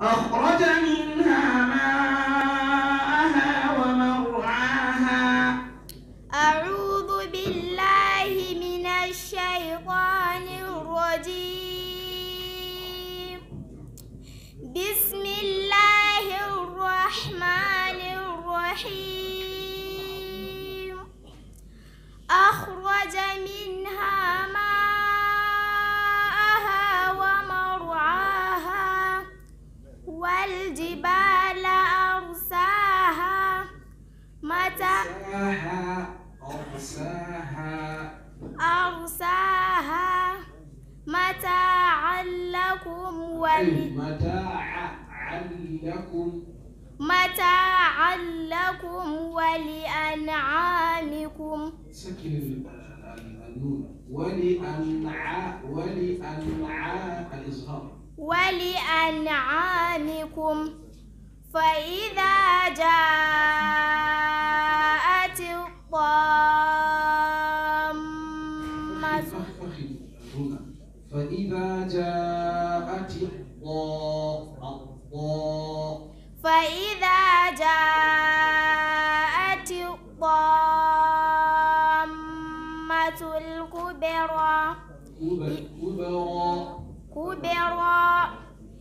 أخرج منها ماءها ومرعاها أعوذ بالله من الشيطان الرجيم بسم أرساها أرساها أرساها متاعا لكم ول متاعا لكم متاعا لكم ولأنعامكم سكن النون ولأنع ولأنع ولأنعامكم فإذا جاء فإذا جاءت الضاء فإذا جاءت الضامة الكبرى كبرى كبرى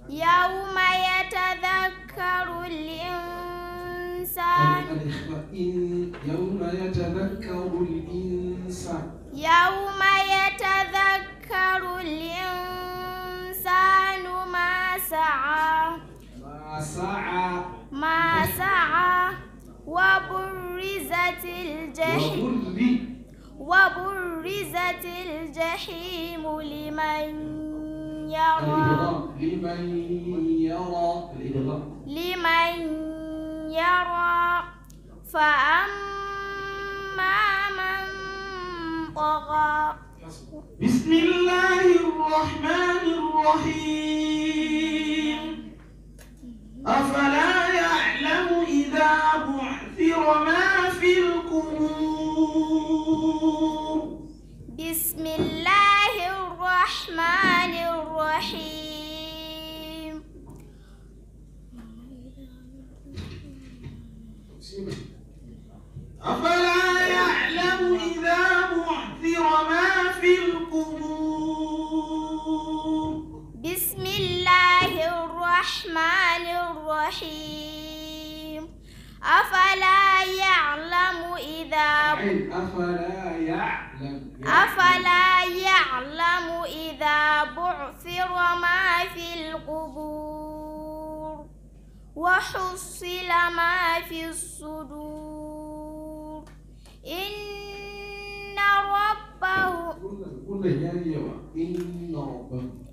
يوم يتذكر الإنسان يوم يتذكر الإنسان يوم يتذكر يذكر الإنسان ما سعى ما سعى ما سعى وبرزت الجحيم وبرزت الجحيم لمن يرى لمن يرى لمن يرى فأما من طغى بسم الله الرحمن الرحيم أفلا يعلم إذا بعثر ما في القبور بسم الله الرحمن الرحيم أفلا الرحيم أفلا يعلم إذا أفلا يعلم أفلا يعلم إذا بعثر ما في القبور وحصل ما في الصدور إن ربه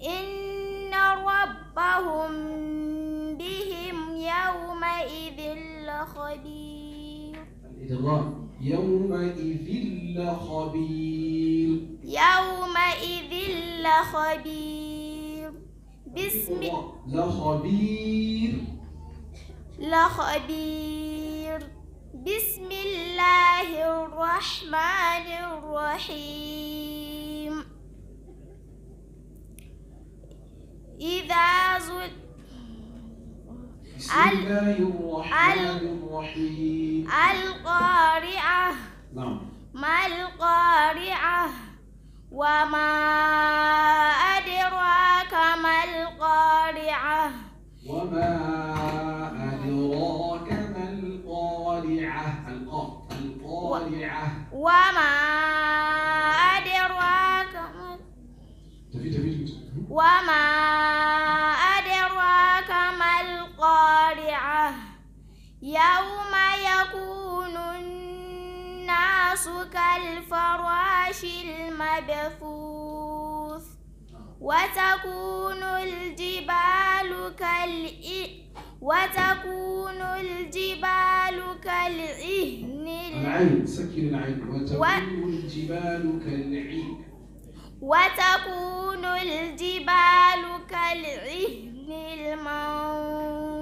إن ربهم خبير يومئذ لخبير يومئذ لخبير بسم لخبير لخبير بسم الله الرحمن الرحيم بسم الله الرحمن الرحيم القارعة نعم ما القارعة وما أدراك ما القارعة وما أدراك ما القارعة القارعة وما أدراك ما وما يوم يكون الناس كالفراش المبثوث وتكون الجبال كال وتكون الجبال كالعهن العين سكين العين وتكون الجبال كالعين وتكون الجبال كالعهن المنضود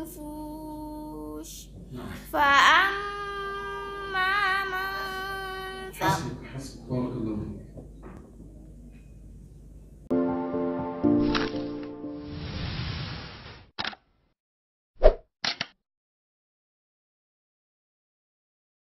points